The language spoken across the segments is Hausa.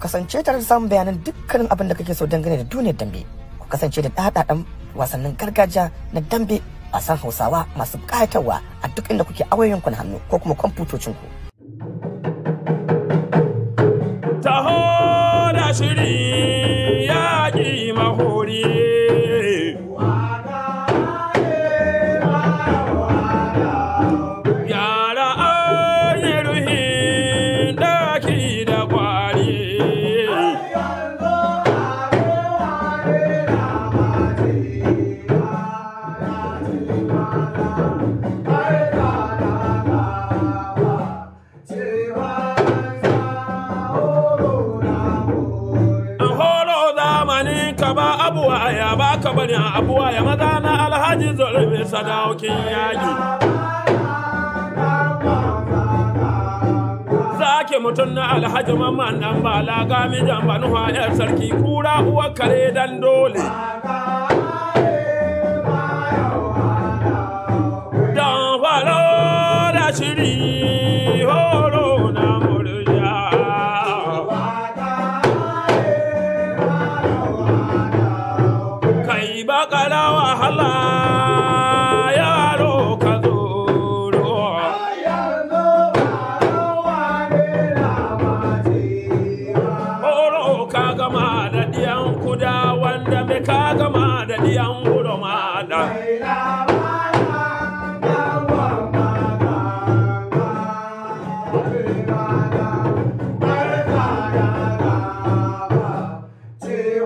kasance tare da samun bayanan dukkanin abin da kake so dangane da duniyar dambe ku kasance da ɗaɗaɗan wasannin gargajiya na dambe a san hausawa masu ƙayatarwa a duk inda kuke awayoyinku na hannu ko kuma kwamfutocinku. Taho da shiri abuwa ya baka bane abuwa ya maza na alhaji zolbe sadaukin yaki zake mutum na alhaji mamman ba bala gami jamba nuha yar sarki kura uwa kare dan dole dan falo da shiri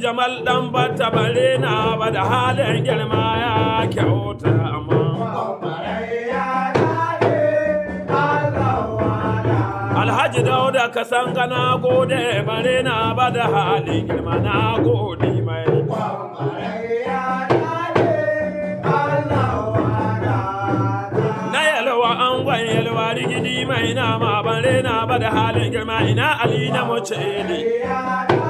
jamal dan bata bare na ba da halin girma ya kyauta amma Alhaji Dauda ka san gana gode bare na ba da halin girma na gode mai Ina mai na ma bare na ba da halin girma ina Ali na mace ne.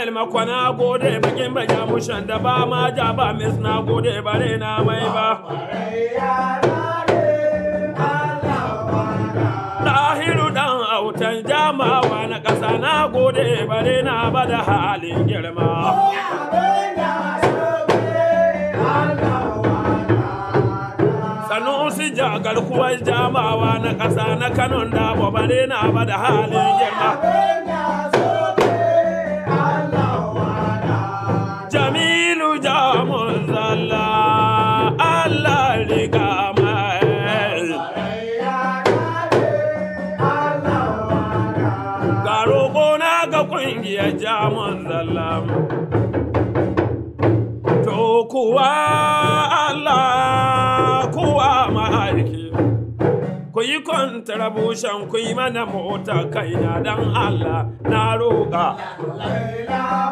Ismail kwana gode bakin banya mushan da ba ma ja ba mis na gode bare na mai ba. Lahiru dan autan jamawa na ƙasa na gode bare na ba da halin girma. Sanusi jagar kuwa jamawa na ƙasa na Kano da bare na ba da halin girma. ƙungiyar jaman zalla. To kuwa Allah kuwa maharki ku yi kontrabushan ku yi mana mota kaina don Allah na roƙa.